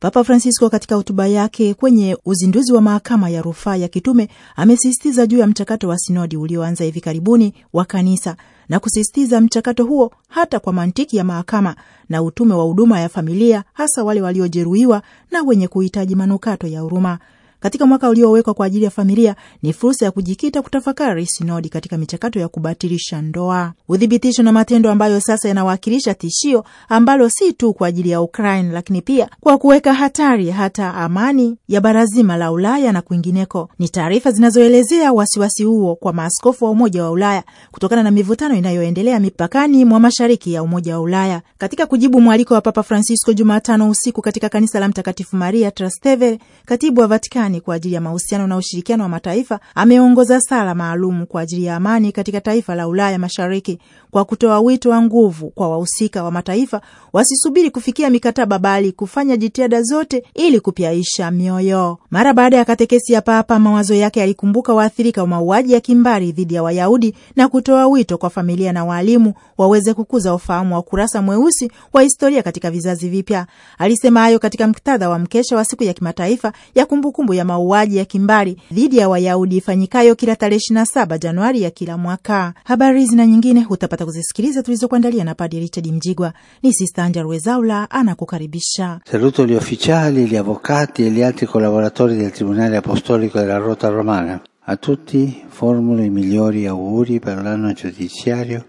Papa Francisco katika hotuba yake kwenye uzinduzi wa mahakama ya rufaa ya kitume amesisitiza juu ya mchakato wa sinodi ulioanza hivi karibuni wa kanisa na kusisitiza mchakato huo hata kwa mantiki ya mahakama na utume wa huduma ya familia, hasa wale waliojeruhiwa na wenye kuhitaji manukato ya huruma. Katika mwaka uliowekwa kwa ajili ya familia, ni fursa ya kujikita kutafakari sinodi katika michakato ya kubatilisha ndoa, uthibitisho na matendo ambayo sasa yanawakilisha tishio ambalo si tu kwa ajili ya Ukraine, lakini pia kwa kuweka hatari hata amani ya bara zima la Ulaya na kwingineko. Ni taarifa zinazoelezea wasiwasi huo kwa maaskofu wa Umoja wa Ulaya kutokana na mivutano inayoendelea mipakani mwa mashariki ya Umoja wa Ulaya. Katika kujibu mwaliko wa Papa Francisco Jumatano usiku katika kanisa la Mtakatifu Maria Trastevere, katibu wa Vatikani amani kwa ajili ya mahusiano na ushirikiano wa mataifa ameongoza sala maalum kwa ajili ya amani katika taifa la Ulaya Mashariki kwa kutoa wito wa nguvu kwa wahusika wa mataifa wasisubiri kufikia mikataba, bali kufanya jitihada zote ili kupyaisha mioyo. Mara baada ya katekesi ya Papa, mawazo yake yalikumbuka waathirika wa mauaji ya kimbari dhidi ya Wayahudi na kutoa wito kwa familia na waalimu waweze kukuza ufahamu wa ukurasa mweusi wa historia katika vizazi vipya. Alisema hayo katika muktadha wa mkesha wa siku ya kimataifa ya kumbukumbu ya mauaji ya kimbari dhidi ya Wayahudi ifanyikayo kila tarehe 27 Januari ya kila mwaka. Habari hizi na nyingine utapata kuzisikiliza tulizokuandalia na Padre Richard Mjigwa. Ni Sista Angela Rwezaula anakukaribisha. Saluto gli ufficiali, gli avvocati e gli altri collaboratori del Tribunale Apostolico della Rota Romana. A tutti formulo i migliori auguri per l'anno giudiziario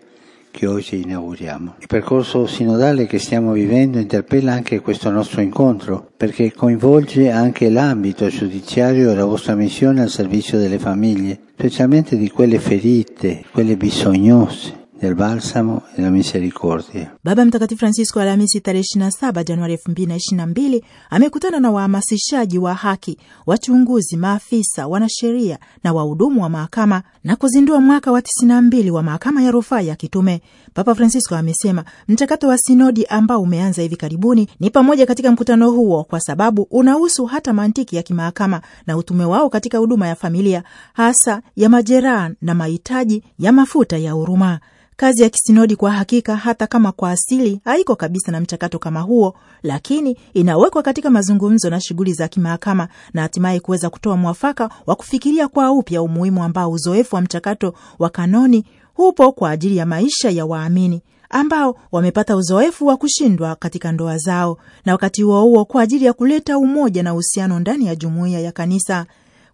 che oggi inauguriamo. Il percorso sinodale che stiamo vivendo interpella anche questo nostro incontro, perché coinvolge anche l'ambito giudiziario e la vostra missione al servizio delle famiglie, specialmente di quelle ferite, quelle bisognose, Del balsamo e la misericordia. Baba Mtakatifu Francisco Alhamisi tarehe 27 Januari 2022 amekutana na wahamasishaji wa haki, wachunguzi, maafisa, wanasheria na wahudumu wa mahakama na kuzindua mwaka wa 92 wa mahakama ya rufaa ya kitume Papa Francisco amesema mchakato wa sinodi ambao umeanza hivi karibuni ni pamoja katika mkutano huo, kwa sababu unahusu hata mantiki ya kimahakama na utume wao katika huduma ya familia, hasa ya majeraha na mahitaji ya mafuta ya huruma. Kazi ya kisinodi kwa hakika, hata kama kwa asili haiko kabisa na mchakato kama huo, lakini inawekwa katika mazungumzo na shughuli za kimahakama na hatimaye kuweza kutoa mwafaka wa kufikiria kwa upya umuhimu ambao uzoefu wa mchakato wa kanoni hupo kwa ajili ya maisha ya waamini ambao wamepata uzoefu wa kushindwa katika ndoa zao, na wakati huo huo kwa ajili ya kuleta umoja na uhusiano ndani ya jumuiya ya kanisa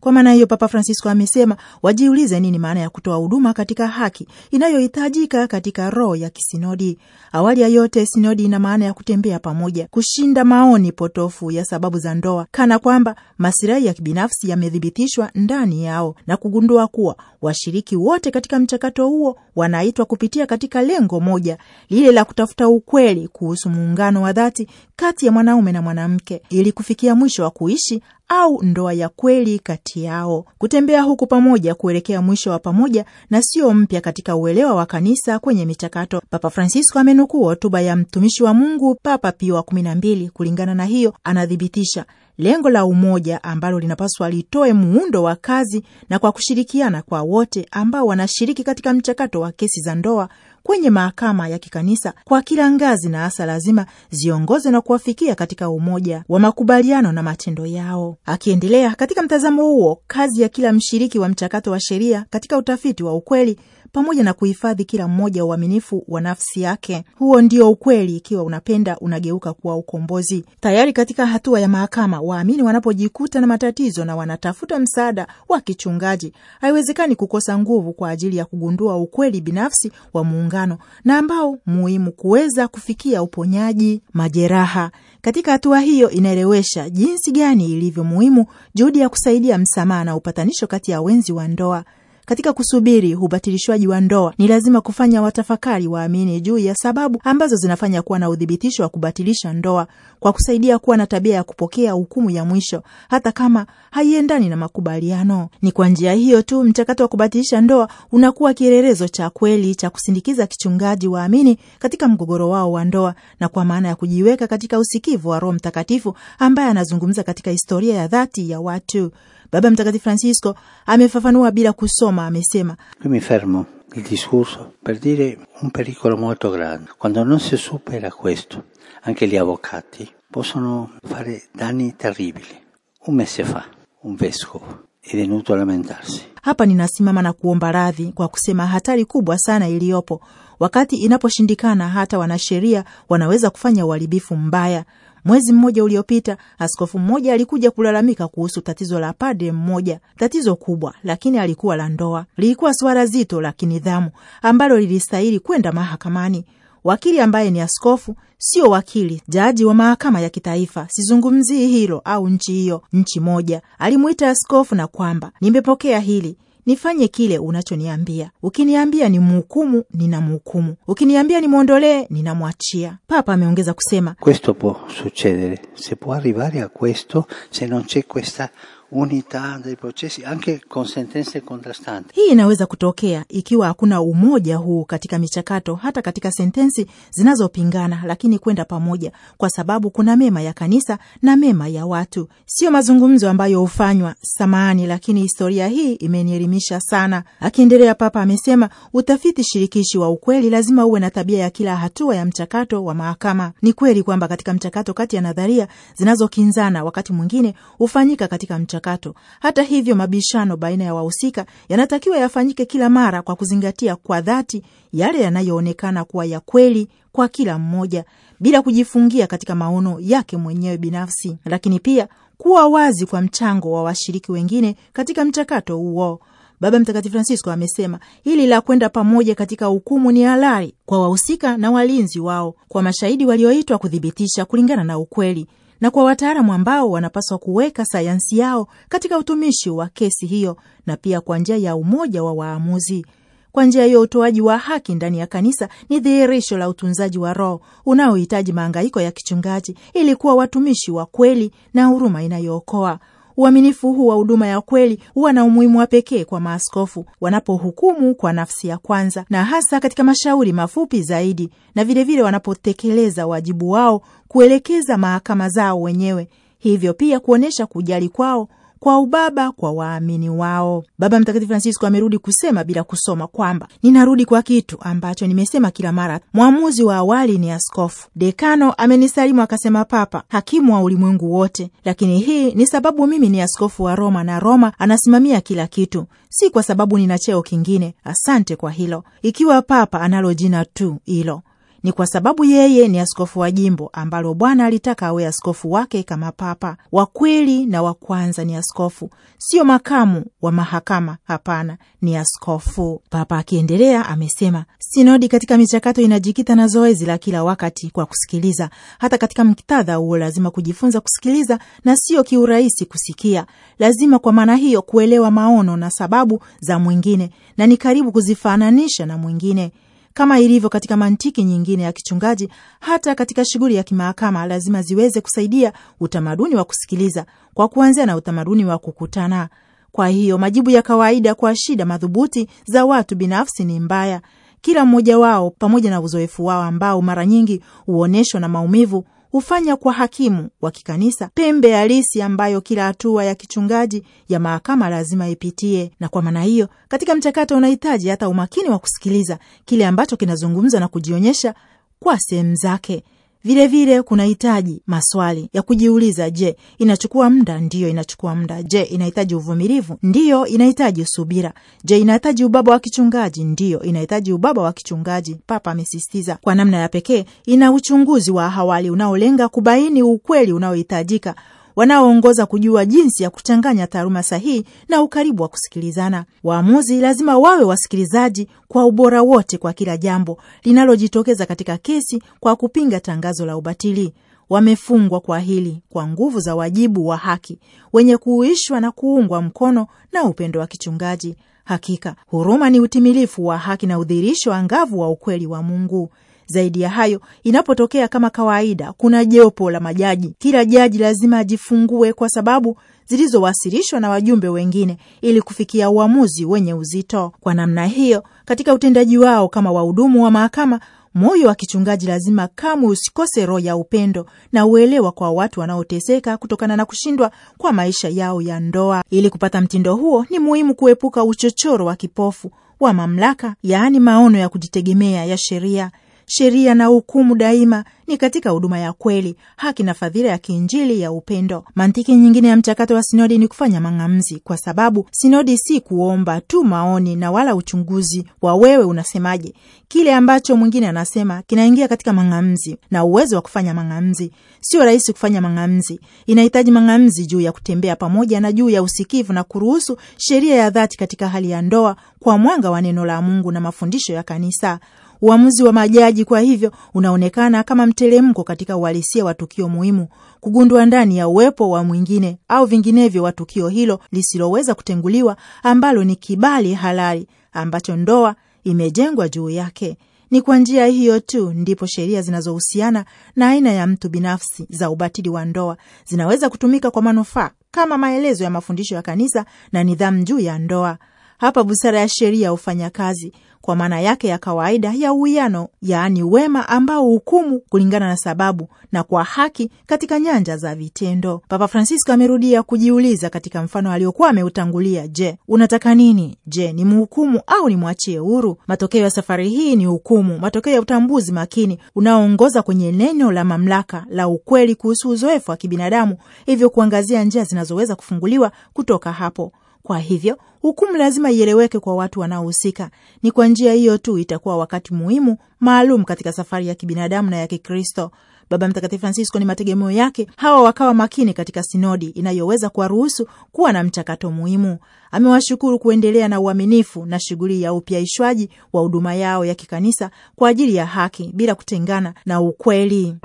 kwa maana hiyo, Papa Francisco amesema wajiulize nini maana ya kutoa huduma katika haki inayohitajika katika roho ya kisinodi. Awali ya yote, sinodi ina maana ya kutembea pamoja, kushinda maoni potofu ya sababu za ndoa, kana kwamba masilahi ya kibinafsi yamethibitishwa ndani yao na kugundua kuwa washiriki wote katika mchakato huo wanaitwa kupitia katika lengo moja lile la kutafuta ukweli kuhusu muungano wa dhati kati ya mwanaume na mwanamke ili kufikia mwisho wa kuishi au ndoa ya kweli kati yao, kutembea huku pamoja kuelekea mwisho wa pamoja na sio mpya katika uelewa wa kanisa kwenye michakato. Papa Francisco amenukuu hotuba ya mtumishi wa Mungu Papa Pio wa kumi na mbili. Kulingana na hiyo, anathibitisha lengo la umoja ambalo linapaswa litoe muundo wa kazi na kwa kushirikiana kwa wote ambao wanashiriki katika mchakato wa kesi za ndoa kwenye mahakama ya kikanisa kwa kila ngazi, na hasa lazima ziongoze na kuwafikia katika umoja wa makubaliano na matendo yao. Akiendelea katika mtazamo huo, kazi ya kila mshiriki wa mchakato wa sheria katika utafiti wa ukweli pamoja na kuhifadhi kila mmoja uaminifu wa nafsi yake. Huo ndio ukweli, ikiwa unapenda unageuka kuwa ukombozi. Tayari katika hatua ya mahakama, waamini wanapojikuta na matatizo na wanatafuta msaada wa kichungaji, haiwezekani kukosa nguvu kwa ajili ya kugundua ukweli binafsi wa muungano na ambao muhimu kuweza kufikia uponyaji majeraha. Katika hatua hiyo inaelewesha jinsi gani ilivyo muhimu juhudi ya kusaidia msamaha na upatanisho kati ya wenzi wa ndoa. Katika kusubiri ubatilishwaji wa ndoa, ni lazima kufanya watafakari waamini juu ya sababu ambazo zinafanya kuwa na udhibitisho wa kubatilisha ndoa, kwa kusaidia kuwa na tabia ya kupokea hukumu ya mwisho, hata kama haiendani na makubaliano. Ni kwa njia hiyo tu mchakato wa kubatilisha ndoa unakuwa kielelezo cha kweli cha kusindikiza kichungaji waamini katika mgogoro wao wa ndoa, na kwa maana ya kujiweka katika usikivu wa Roho Mtakatifu ambaye anazungumza katika historia ya dhati ya watu. Baba Mtakatifu Francisco amefafanua bila kusoma, amesema mi fermo il discorso per dire un pericolo molto grande quando non si supera questo anche gli avvocati possono fare danni terribili un mese fa un vescovo è venuto a lamentarsi hapa ninasimama na kuomba radhi kwa kusema hatari kubwa sana iliyopo wakati inaposhindikana hata wanasheria wanaweza kufanya uharibifu mbaya Mwezi mmoja uliopita, askofu mmoja alikuja kulalamika kuhusu tatizo la padre mmoja, tatizo kubwa lakini alikuwa la ndoa. Lilikuwa suala zito la kinidhamu ambalo lilistahili kwenda mahakamani. Wakili ambaye ni askofu, sio wakili jaji wa mahakama ya kitaifa, sizungumzii hilo au nchi hiyo, nchi moja, alimwita askofu na kwamba nimepokea hili nifanye kile unachoniambia. Ukiniambia ni mhukumu, ninamhukumu; ukiniambia nimwondolee, ninamwachia. Papa ameongeza kusema questo può succedere se può arrivare a questo se non c'è questa unità dei processi anche con sentenze contrastanti. Hii inaweza kutokea ikiwa hakuna umoja huu katika michakato, hata katika sentensi zinazopingana, lakini kwenda pamoja, kwa sababu kuna mema ya kanisa na mema ya watu. Sio mazungumzo ambayo hufanywa samani, lakini historia hii imenielimisha sana. Akiendelea, Papa amesema utafiti shirikishi wa ukweli lazima uwe na tabia ya kila hatua ya mchakato wa mahakama. Ni kweli kwamba katika mchakato kati ya nadharia zinazokinzana wakati mwingine hufanyika katika mchakato mchakato. Hata hivyo, mabishano baina ya wahusika yanatakiwa yafanyike kila mara kwa kuzingatia kwa dhati yale yanayoonekana kuwa ya kweli kwa kila mmoja, bila kujifungia katika maono yake mwenyewe binafsi, lakini pia kuwa wazi kwa mchango wa washiriki wengine katika mchakato huo. Baba Mtakatifu Francisco amesema hili la kwenda pamoja katika hukumu ni halali kwa wahusika na walinzi wao, kwa mashahidi walioitwa kuthibitisha kulingana na ukweli na kwa wataalamu ambao wanapaswa kuweka sayansi yao katika utumishi wa kesi hiyo, na pia kwa njia ya umoja wa waamuzi. Kwa njia hiyo, utoaji wa haki ndani ya kanisa ni dhihirisho la utunzaji wa roho unaohitaji maangaiko ya kichungaji ili kuwa watumishi wa kweli na huruma inayookoa. Uaminifu huu wa huduma ya kweli huwa na umuhimu wa pekee kwa maaskofu wanapohukumu kwa nafsi ya kwanza, na hasa katika mashauri mafupi zaidi, na vilevile wanapotekeleza wajibu wao kuelekeza mahakama zao wenyewe, hivyo pia kuonyesha kujali kwao kwa ubaba kwa waamini wao. Baba Mtakatifu Francisco amerudi kusema bila kusoma kwamba ninarudi kwa kitu ambacho nimesema kila mara, mwamuzi wa awali ni askofu. Dekano amenisalimu akasema, Papa hakimu wa ulimwengu wote, lakini hii ni sababu mimi ni askofu wa Roma na Roma anasimamia kila kitu, si kwa sababu nina cheo kingine. Asante kwa hilo, ikiwa Papa analo jina tu hilo ni kwa sababu yeye ni askofu wa jimbo ambalo Bwana alitaka awe askofu wake kama papa wa kweli na wa kwanza. Ni askofu, sio makamu wa mahakama. Hapana, ni askofu. Papa akiendelea amesema, sinodi katika michakato inajikita na zoezi la kila wakati kwa kusikiliza. Hata katika muktadha huo, lazima kujifunza kusikiliza, na sio kiurahisi kusikia. Lazima kwa maana hiyo kuelewa maono na sababu za mwingine, na ni karibu kuzifananisha na mwingine kama ilivyo katika mantiki nyingine ya kichungaji, hata katika shughuli ya kimahakama lazima ziweze kusaidia utamaduni wa kusikiliza, kwa kuanzia na utamaduni wa kukutana. Kwa hiyo majibu ya kawaida kwa shida madhubuti za watu binafsi ni mbaya. Kila mmoja wao pamoja na uzoefu wao ambao mara nyingi huonyeshwa na maumivu hufanya kwa hakimu wa kikanisa pembe halisi ambayo kila hatua ya kichungaji ya mahakama lazima ipitie, na kwa maana hiyo katika mchakato unahitaji hata umakini wa kusikiliza kile ambacho kinazungumza na kujionyesha kwa sehemu zake Vilevile kunahitaji maswali ya kujiuliza. Je, inachukua muda? Ndiyo, inachukua muda. Je, inahitaji uvumilivu? Ndiyo, inahitaji subira. Je, inahitaji ubaba wa kichungaji? Ndiyo, inahitaji ubaba wa kichungaji. Papa amesisitiza kwa namna ya pekee, ina uchunguzi wa awali unaolenga kubaini ukweli unaohitajika wanaoongoza kujua jinsi ya kuchanganya taaluma sahihi na ukaribu wa kusikilizana. Waamuzi lazima wawe wasikilizaji kwa ubora wote kwa kila jambo linalojitokeza katika kesi kwa kupinga tangazo la ubatili wamefungwa kwa hili kwa nguvu za wajibu wa haki wenye kuuishwa na kuungwa mkono na upendo wa kichungaji. Hakika huruma ni utimilifu wa haki na udhirisho angavu wa ukweli wa Mungu. Zaidi ya hayo, inapotokea kama kawaida, kuna jopo la majaji. Kila jaji lazima ajifungue kwa sababu zilizowasilishwa na wajumbe wengine ili kufikia uamuzi wenye uzito. Kwa namna hiyo, katika utendaji wao kama wahudumu wa mahakama, moyo wa kichungaji lazima kamwe usikose roho ya upendo na uelewa kwa watu wanaoteseka kutokana na kushindwa kwa maisha yao ya ndoa. Ili kupata mtindo huo, ni muhimu kuepuka uchochoro wa kipofu wa mamlaka, yaani maono ya kujitegemea ya sheria sheria na hukumu daima ni katika huduma ya kweli, haki na fadhila ya kiinjili ya upendo. Mantiki nyingine ya mchakato wa sinodi ni kufanya mang'amzi, kwa sababu sinodi si kuomba tu maoni na wala uchunguzi wa wewe unasemaje. Kile ambacho mwingine anasema kinaingia katika mang'amzi na uwezo wa kufanya mang'amzi. Sio rahisi kufanya mang'amzi, inahitaji mang'amzi juu ya kutembea pamoja na juu ya usikivu na kuruhusu sheria ya dhati katika hali ya ndoa kwa mwanga wa neno la Mungu na mafundisho ya Kanisa. Uamuzi wa majaji kwa hivyo unaonekana kama mteremko katika uhalisia wa tukio muhimu, kugundua ndani ya uwepo wa mwingine au vinginevyo wa tukio hilo lisiloweza kutenguliwa, ambalo ni kibali halali ambacho ndoa imejengwa juu yake. Ni kwa njia hiyo tu ndipo sheria zinazohusiana na aina ya mtu binafsi za ubatili wa ndoa zinaweza kutumika kwa manufaa kama maelezo ya mafundisho ya Kanisa na nidhamu juu ya ndoa. Hapa busara ya sheria hufanya kazi kwa maana yake ya kawaida ya uwiano, yaani wema ambao hukumu kulingana na sababu na kwa haki katika nyanja za vitendo. Papa Francisco amerudia kujiuliza katika mfano aliokuwa ameutangulia: je, unataka nini? Je, ni mhukumu au nimwachie huru? Matokeo ya safari hii ni hukumu, matokeo ya utambuzi makini unaoongoza kwenye neno la mamlaka la ukweli kuhusu uzoefu wa kibinadamu, hivyo kuangazia njia zinazoweza kufunguliwa kutoka hapo. Kwa hivyo hukumu lazima ieleweke kwa watu wanaohusika. Ni kwa njia hiyo tu itakuwa wakati muhimu maalum katika safari ya kibinadamu na ya Kikristo. Baba Mtakatifu Francisco ni mategemeo yake hawa wakawa makini katika sinodi inayoweza kuwaruhusu kuwa na mchakato muhimu. Amewashukuru kuendelea na uaminifu na shughuli ya upyaishwaji wa huduma yao ya kikanisa kwa ajili ya haki bila kutengana na ukweli.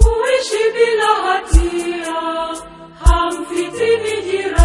Uishi bila hatia, hamfitini jirani.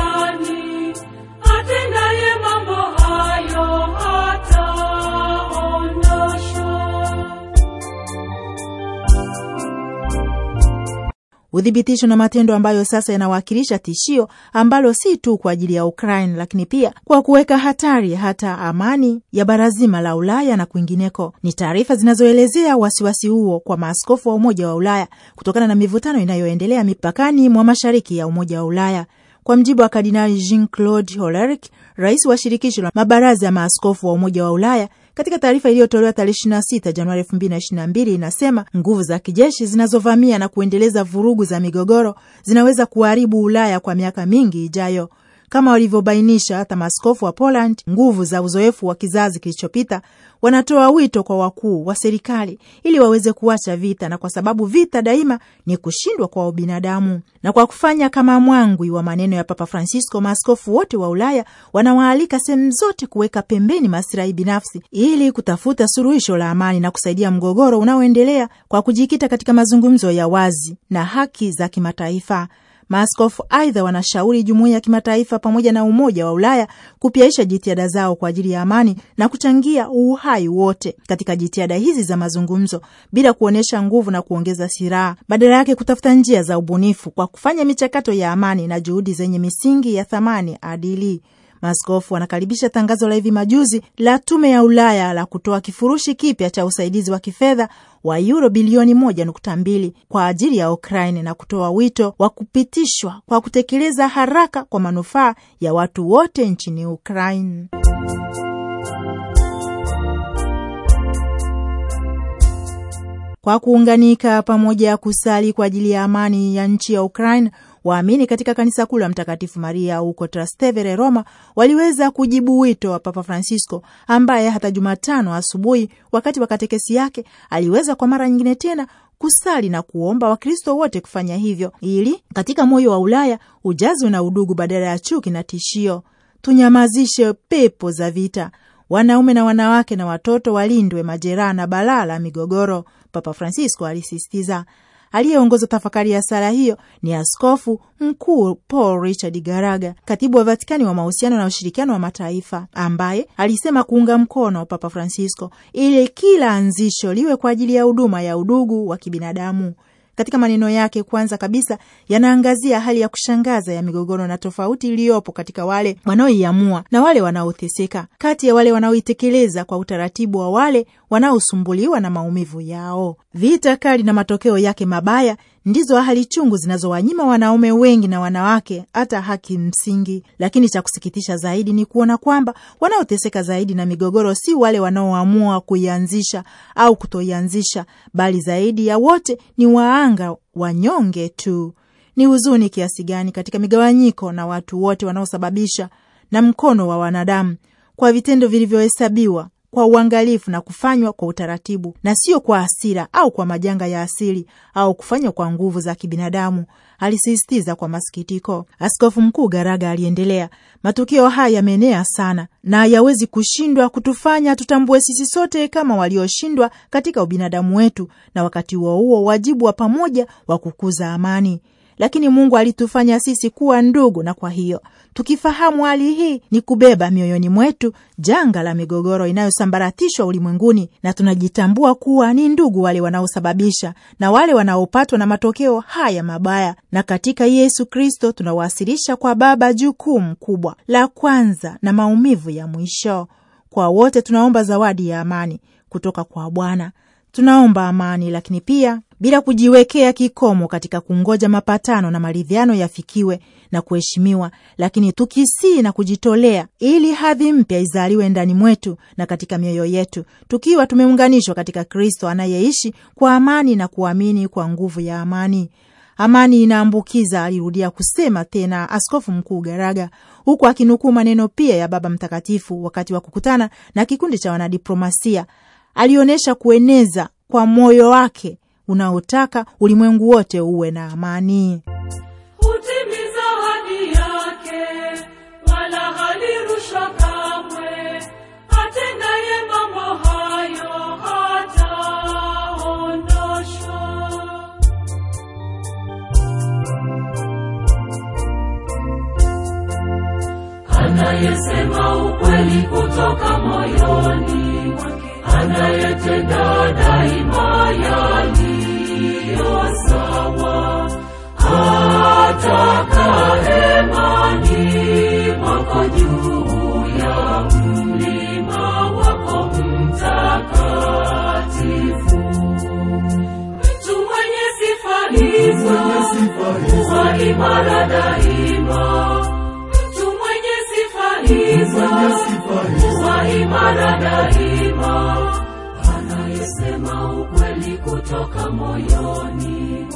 uthibitisho na matendo ambayo sasa yanawakilisha tishio ambalo si tu kwa ajili ya Ukraine, lakini pia kwa kuweka hatari hata amani ya bara zima la Ulaya na kwingineko. Ni taarifa zinazoelezea wasiwasi huo kwa maaskofu wa Umoja wa Ulaya kutokana na mivutano inayoendelea mipakani mwa mashariki ya Umoja wa Ulaya. Kwa mjibu wa Kardinali Jean Claude Hollerich, rais wa shirikisho la mabaraza ya maaskofu wa Umoja wa Ulaya, katika taarifa iliyotolewa tarehe 26 Januari 2022 inasema nguvu za kijeshi zinazovamia na kuendeleza vurugu za migogoro zinaweza kuharibu Ulaya kwa miaka mingi ijayo. Kama walivyobainisha hata maaskofu wa Poland, nguvu za uzoefu wa kizazi kilichopita wanatoa wito kwa wakuu wa serikali ili waweze kuacha vita, na kwa sababu vita daima ni kushindwa kwa ubinadamu, na kwa kufanya kama mwangwi wa maneno ya Papa Francisco, maaskofu wote wa Ulaya wanawaalika sehemu zote kuweka pembeni masirahi binafsi ili kutafuta suluhisho la amani na kusaidia mgogoro unaoendelea kwa kujikita katika mazungumzo ya wazi na haki za kimataifa. Maaskofu aidha wanashauri jumuiya ya kimataifa pamoja na Umoja wa Ulaya kupiaisha jitihada zao kwa ajili ya amani na kuchangia uhai wote katika jitihada hizi za mazungumzo bila kuonyesha nguvu na kuongeza silaha, badala yake kutafuta njia za ubunifu kwa kufanya michakato ya amani na juhudi zenye misingi ya thamani adili. Maaskofu wanakaribisha tangazo la hivi majuzi la Tume ya Ulaya la kutoa kifurushi kipya cha usaidizi wa kifedha wa yuro bilioni moja nukta mbili kwa ajili ya Ukraine na kutoa wito wa kupitishwa kwa kutekeleza haraka kwa manufaa ya watu wote nchini Ukraine. Kwa kuunganika pamoja kusali kwa ajili ya amani ya nchi ya Ukraine Waamini katika kanisa kuu la Mtakatifu Maria huko Trastevere, Roma, waliweza kujibu wito wa Papa Francisco, ambaye hata Jumatano asubuhi wakati wa katekesi yake aliweza kwa mara nyingine tena kusali na kuomba Wakristo wote kufanya hivyo, ili katika moyo wa Ulaya ujazwe na udugu badala ya chuki na tishio. Tunyamazishe pepo za vita, wanaume na wanawake na watoto walindwe majeraha na balaa la migogoro, Papa Francisco alisisitiza. Aliyeongoza tafakari ya sala hiyo ni askofu mkuu Paul Richard Garaga, katibu wa Vatikani wa mahusiano na ushirikiano wa mataifa, ambaye alisema kuunga mkono Papa Francisco ili kila anzisho liwe kwa ajili ya huduma ya udugu wa kibinadamu katika maneno yake, kwanza kabisa, yanaangazia hali ya kushangaza ya migogoro na tofauti iliyopo katika wale wanaoiamua na wale wanaoteseka, kati ya wale wanaoitekeleza kwa utaratibu wa wale wanaosumbuliwa na maumivu yao. Vita kali na matokeo yake mabaya ndizo ahali chungu zinazowanyima wanaume wengi na wanawake hata haki msingi. Lakini cha kusikitisha zaidi ni kuona kwamba wanaoteseka zaidi na migogoro si wale wanaoamua kuianzisha au kutoianzisha, bali zaidi ya wote ni waanga wanyonge tu. Ni huzuni kiasi gani katika migawanyiko na watu wote wanaosababisha na mkono wa wanadamu kwa vitendo vilivyohesabiwa kwa uangalifu na kufanywa kwa utaratibu na sio kwa hasira au kwa majanga ya asili au kufanywa kwa nguvu za kibinadamu, alisisitiza kwa masikitiko. Askofu Mkuu Garaga aliendelea, matukio haya yameenea sana na hayawezi kushindwa kutufanya tutambue sisi sote kama walioshindwa katika ubinadamu wetu, na wakati huo huo wajibu wa pamoja wa kukuza amani lakini Mungu alitufanya sisi kuwa ndugu, na kwa hiyo tukifahamu hali hii ni kubeba mioyoni mwetu janga la migogoro inayosambaratishwa ulimwenguni, na tunajitambua kuwa ni ndugu wale wanaosababisha na wale wanaopatwa na matokeo haya mabaya, na katika Yesu Kristo tunawasilisha kwa Baba jukumu kubwa la kwanza na maumivu ya mwisho. Kwa wote tunaomba zawadi ya amani kutoka kwa Bwana Tunaomba amani, lakini pia bila kujiwekea kikomo katika kungoja mapatano na maridhiano yafikiwe na kuheshimiwa, lakini tukisii na kujitolea ili hadhi mpya izaliwe ndani mwetu na katika mioyo yetu, tukiwa tumeunganishwa katika Kristo anayeishi kwa amani na kuamini kwa nguvu ya amani. Amani inaambukiza, alirudia kusema tena Askofu Mkuu Garaga, huku akinukuu maneno pia ya Baba Mtakatifu wakati wa kukutana na kikundi cha wanadiplomasia alionyesha kueneza kwa moyo wake unaotaka ulimwengu wote uwe na amani. Hutimiza yake, wala halirusha kamwe. mambo hayo Anayesema ukweli kutoka moyoni anayetenda daima yaliyo sawa, atakaye imani mwako juu ya mlima wako mtakatifu, mtu mwenye sifa hizo, kuwa imara daima imara daima, anayesema ukweli kutoka moyoni.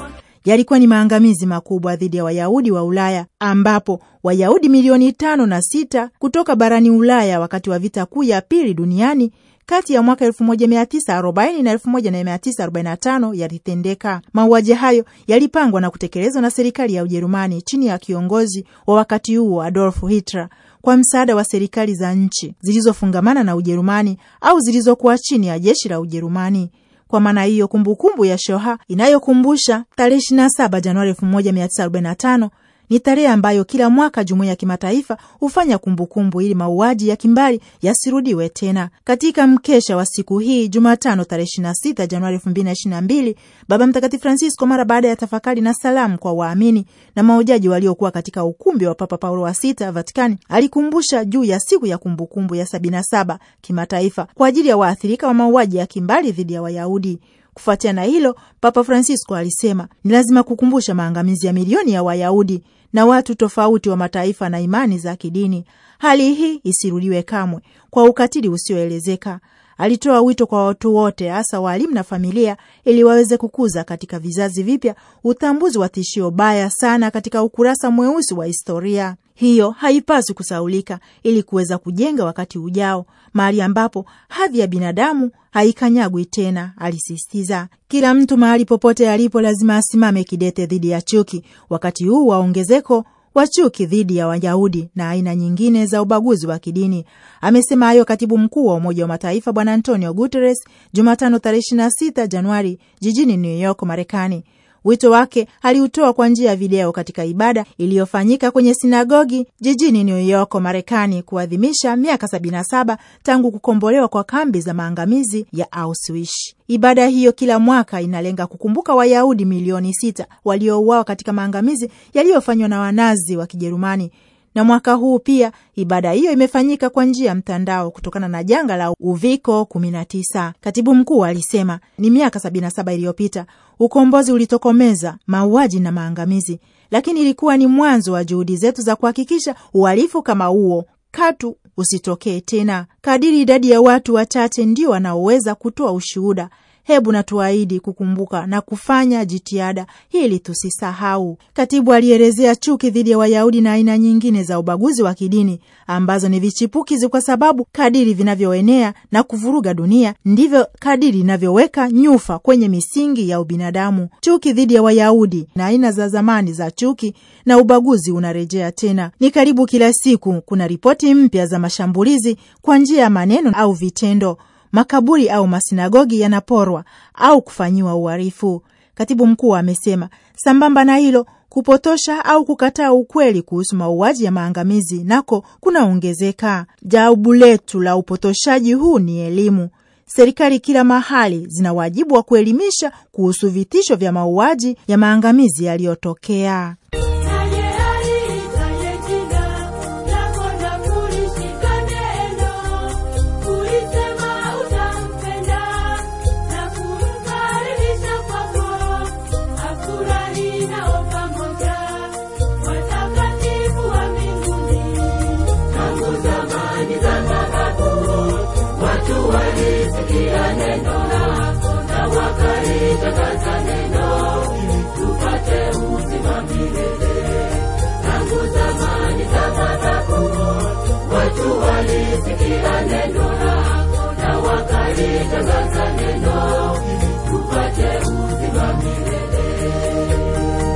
Yalikuwa ni maangamizi makubwa dhidi ya Wayahudi wa Ulaya, ambapo Wayahudi milioni tano na sita kutoka barani Ulaya wakati wa vita kuu ya pili duniani kati ya mwaka 1940 na 1945 yalitendeka. Mauaji hayo yalipangwa na kutekelezwa na serikali ya Ujerumani chini ya kiongozi wa wakati huo Adolf Hitler kwa msaada wa serikali za nchi zilizofungamana na Ujerumani au zilizokuwa chini ya jeshi la Ujerumani. Kwa maana hiyo, kumbukumbu ya shoha inayokumbusha tarehe 27 Januari 1945 ni tarehe ambayo kila mwaka jumuiya ya kimataifa hufanya kumbukumbu ili mauaji ya kimbari yasirudiwe tena. Katika mkesha wa siku hii, Jumatano tarehe 26 Januari 2022, Baba Mtakatifu Francisco, mara baada ya tafakari na salamu kwa waamini na mahujaji waliokuwa katika ukumbi wa Papa Paulo wa Sita, Vatikani, alikumbusha juu ya siku ya kumbukumbu ya 77 kimataifa kwa ajili ya waathirika wa mauaji ya kimbari dhidi ya Wayahudi. Kufuatia na hilo, Papa Francisco alisema ni lazima kukumbusha maangamizi ya milioni ya Wayahudi na watu tofauti wa mataifa na imani za kidini. Hali hii isirudiwe kamwe kwa ukatili usioelezeka. Alitoa wito kwa watu wote, hasa waalimu na familia, ili waweze kukuza katika vizazi vipya utambuzi wa tishio baya sana katika ukurasa mweusi wa historia. Hiyo haipaswi kusaulika ili kuweza kujenga wakati ujao, mahali ambapo hadhi ya binadamu haikanyagwi tena, alisisitiza. Kila mtu mahali popote alipo lazima asimame kidete dhidi ya chuki, wakati huu wa ongezeko wa chuki dhidi ya Wayahudi na aina nyingine za ubaguzi wa kidini. Amesema hayo katibu mkuu wa Umoja wa Mataifa Bwana Antonio Guterres Jumatano tarehe 26 Januari jijini New York, Marekani. Wito wake aliutoa kwa njia ya video katika ibada iliyofanyika kwenye sinagogi jijini New York, Marekani, kuadhimisha miaka 77 tangu kukombolewa kwa kambi za maangamizi ya Auschwitz. Ibada hiyo kila mwaka inalenga kukumbuka Wayahudi milioni sita waliouawa katika maangamizi yaliyofanywa na Wanazi wa Kijerumani na mwaka huu pia ibada hiyo imefanyika kwa njia ya mtandao kutokana na janga la uviko 19. Katibu mkuu alisema ni miaka 77 iliyopita ukombozi ulitokomeza mauaji na maangamizi, lakini ilikuwa ni mwanzo wa juhudi zetu za kuhakikisha uhalifu kama huo katu usitokee tena. Kadiri idadi ya watu wachache ndio wanaoweza kutoa ushuhuda Hebu natuahidi kukumbuka na kufanya jitihada ili tusisahau. Katibu alielezea chuki dhidi ya Wayahudi na aina nyingine za ubaguzi wa kidini ambazo ni vichipukizi, kwa sababu kadiri vinavyoenea na kuvuruga dunia ndivyo kadiri inavyoweka nyufa kwenye misingi ya ubinadamu. Chuki dhidi ya Wayahudi na aina za zamani za chuki na ubaguzi unarejea tena. Ni karibu kila siku kuna ripoti mpya za mashambulizi kwa njia ya maneno au vitendo makaburi au masinagogi yanaporwa au kufanyiwa uharifu. Katibu mkuu amesema sambamba na hilo, kupotosha au kukataa ukweli kuhusu mauaji ya maangamizi nako kunaongezeka. Jawabu letu la upotoshaji huu ni elimu. Serikali kila mahali zina wajibu wa kuelimisha kuhusu vitisho vya mauaji ya maangamizi yaliyotokea.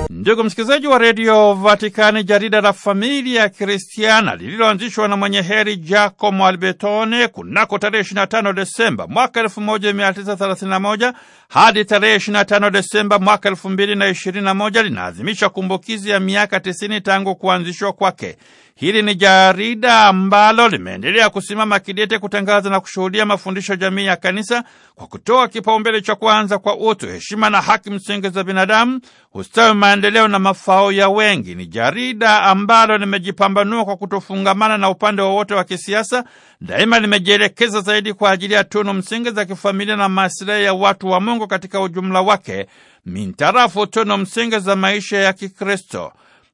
Ndugu msikilizaji wa redio Vatikani, jarida la Familia ya Kristiana lililoanzishwa na mwenye heri Giacomo Albertone kunako tarehe 25 Desemba mwaka 1931 hadi tarehe 25 Desemba mwaka 2021 linaadhimisha kumbukizi ya miaka 90 tangu kuanzishwa kwake. Hili ni jarida ambalo limeendelea kusimama kidete kutangaza na kushuhudia mafundisho jamii ya Kanisa kwa kutoa kipaumbele cha kwanza kwa utu, heshima na haki msingi za binadamu, ustawi, maendeleo na mafao ya wengi. Ni jarida ambalo limejipambanua kwa kutofungamana na upande wowote wa, wa kisiasa. Daima limejielekeza zaidi kwa ajili ya tunu msingi za kifamilia na maslahi ya watu wa Mungu katika ujumla wake, mintarafu tunu msingi za maisha ya Kikristo.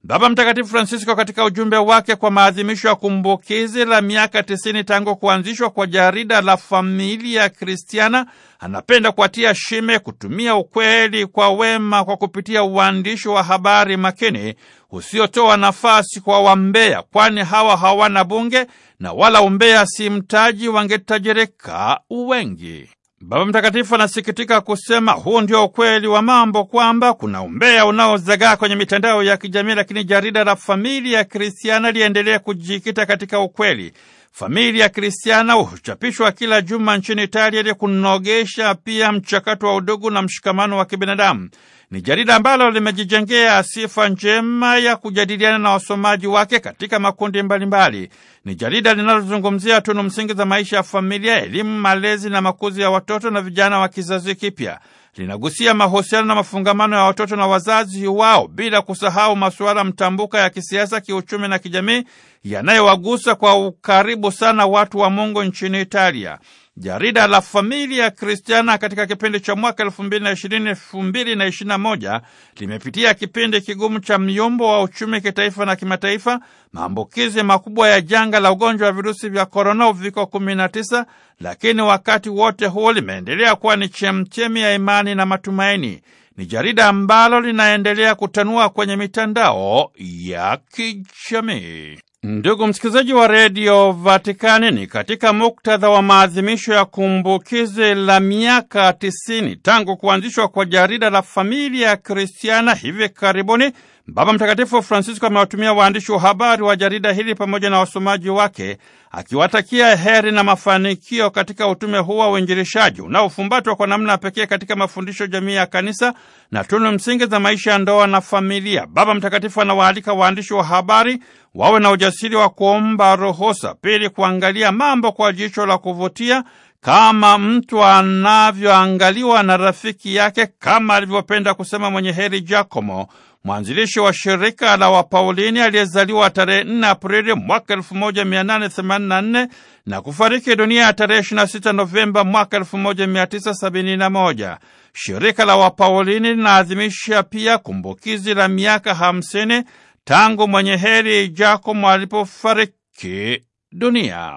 Baba Mtakatifu Francisco katika ujumbe wake kwa maadhimisho ya kumbukizi la miaka tisini tangu kuanzishwa kwa jarida la Familia Kristiana anapenda kuatia shime kutumia ukweli kwa wema kwa kupitia uandishi wa habari makini usiotoa nafasi kwa wambea, kwani hawa hawana bunge na wala umbea si mtaji, wangetajirika wengi. Baba Mtakatifu anasikitika kusema huu ndio ukweli wa mambo, kwamba kuna umbea unaozagaa kwenye mitandao ya kijamii, lakini jarida la Familia Kristiana liendelee kujikita katika ukweli. Familia Kristiana huchapishwa kila juma nchini Italia ili kunogesha pia mchakato wa udugu na mshikamano wa kibinadamu. Ni jarida ambalo limejijengea sifa njema ya kujadiliana na wasomaji wake katika makundi mbalimbali mbali. Ni jarida linalozungumzia tunu msingi za maisha ya familia, elimu, malezi na makuzi ya watoto na vijana wa kizazi kipya. Linagusia mahusiano na mafungamano ya watoto na wazazi wao, bila kusahau masuala mtambuka ya kisiasa, kiuchumi na kijamii yanayowagusa kwa ukaribu sana watu wa Mungu nchini Italia. Jarida la Familia Kristiana katika kipindi cha mwaka elfu mbili na ishirini elfu mbili na na moja limepitia kipindi kigumu cha myumbo wa uchumi kitaifa na kimataifa, maambukizi makubwa ya janga janga la ugonjwa wa virusi vya korona uviko 19, lakini wakati wote huo limeendelea kuwa ni chemchemi ya imani na matumaini. Ni jarida ambalo linaendelea kutanua kwenye mitandao ya kijamii. Ndugu msikilizaji wa redio Vatikani, ni katika muktadha wa maadhimisho ya kumbukizi la miaka 90 tangu kuanzishwa kwa jarida la Familia Kristiana hivi karibuni Baba Mtakatifu Francisco amewatumia waandishi wa habari wa jarida hili pamoja na wasomaji wake akiwatakia heri na mafanikio katika utume huu wa uinjirishaji unaofumbatwa kwa namna pekee katika mafundisho jamii ya kanisa na tunu msingi za maisha ya ndoa na familia. Baba Mtakatifu anawaalika waandishi wa habari wawe na ujasiri wa kuomba ruhusa, pili, kuangalia mambo kwa jicho la kuvutia kama mtu anavyoangaliwa na rafiki yake, kama alivyopenda kusema mwenye heri jacomo mwanzilishi wa shirika la Wapaulini aliyezaliwa tarehe 4 Aprili mwaka 1884 na kufariki dunia ya tarehe 26 Novemba mwaka 1971. Shirika la Wapaulini linaadhimisha pia kumbukizi la miaka hamsini tangu mwenye heri Jakomo alipofariki dunia.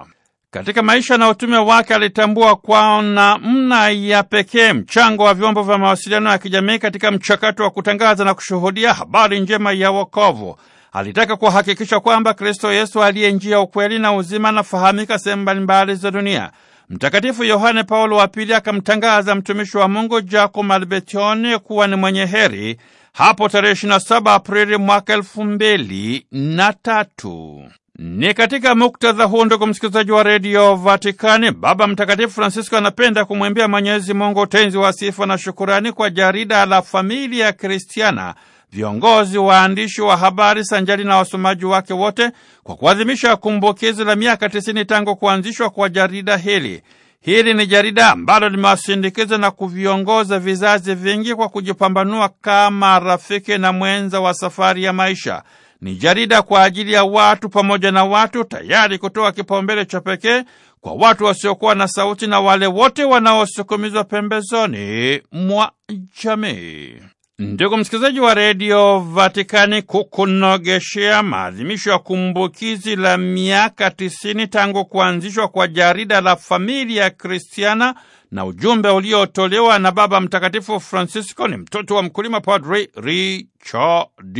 Katika maisha na utume wake alitambua kwa namna ya pekee mchango wa vyombo vya mawasiliano ya kijamii katika mchakato wa kutangaza na kushuhudia habari njema ya wokovu. Alitaka kuhakikisha kwamba Kristo Yesu aliye njia, ukweli na uzima anafahamika sehemu mbalimbali za dunia. Mtakatifu Yohane Paulo wa Pili akamtangaza mtumishi wa Mungu Giacomo Albertoni kuwa ni mwenye heri hapo tarehe 27 Aprili mwaka elfu mbili na tatu. Ni katika muktadha huu, ndugu msikilizaji wa redio Vatikani, Baba Mtakatifu Francisco anapenda kumwimbia Mwenyezi Mungu utenzi wa sifa na shukurani kwa jarida la Familia Kristiana, viongozi, waandishi wa habari sanjari na wasomaji wake wote kwa kuadhimisha kumbukizi la miaka 90 tangu kuanzishwa kwa jarida hili. Hili ni jarida ambalo limewasindikiza na kuviongoza vizazi vingi kwa kujipambanua kama rafiki na mwenza wa safari ya maisha ni jarida kwa ajili ya watu pamoja na watu, tayari kutoa kipaumbele cha pekee kwa watu wasiokuwa na sauti na wale wote wanaosukumizwa pembezoni mwa jamii. Ndugu msikilizaji wa redio Vatikani, kukunogeshea maadhimisho ya kumbukizi la miaka tisini tangu kuanzishwa kwa jarida la Familia Kristiana na ujumbe uliotolewa na Baba Mtakatifu Francisco ni mtoto wa mkulima, Padri Richard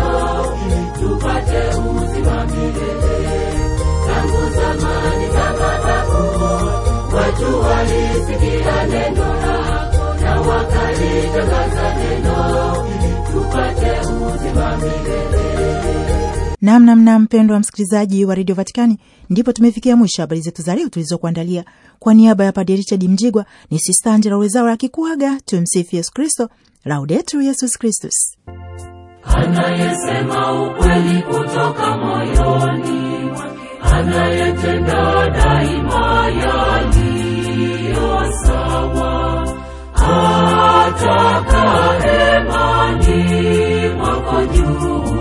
Nam namna mpendwa msikilizaji wa redio Vatikani, ndipo tumefikia mwisho habari zetu za leo tulizokuandalia. Kwa, niaba ya Padre Richard Mjigwa ni Sista Angela Wezawa akikuaga. Tumsifu Yesu Kristo, Laudetur Yesus Kristus. Anayesema ukweli kutoka moyoni, anayetenda daima yaliyo sawa, mwako juu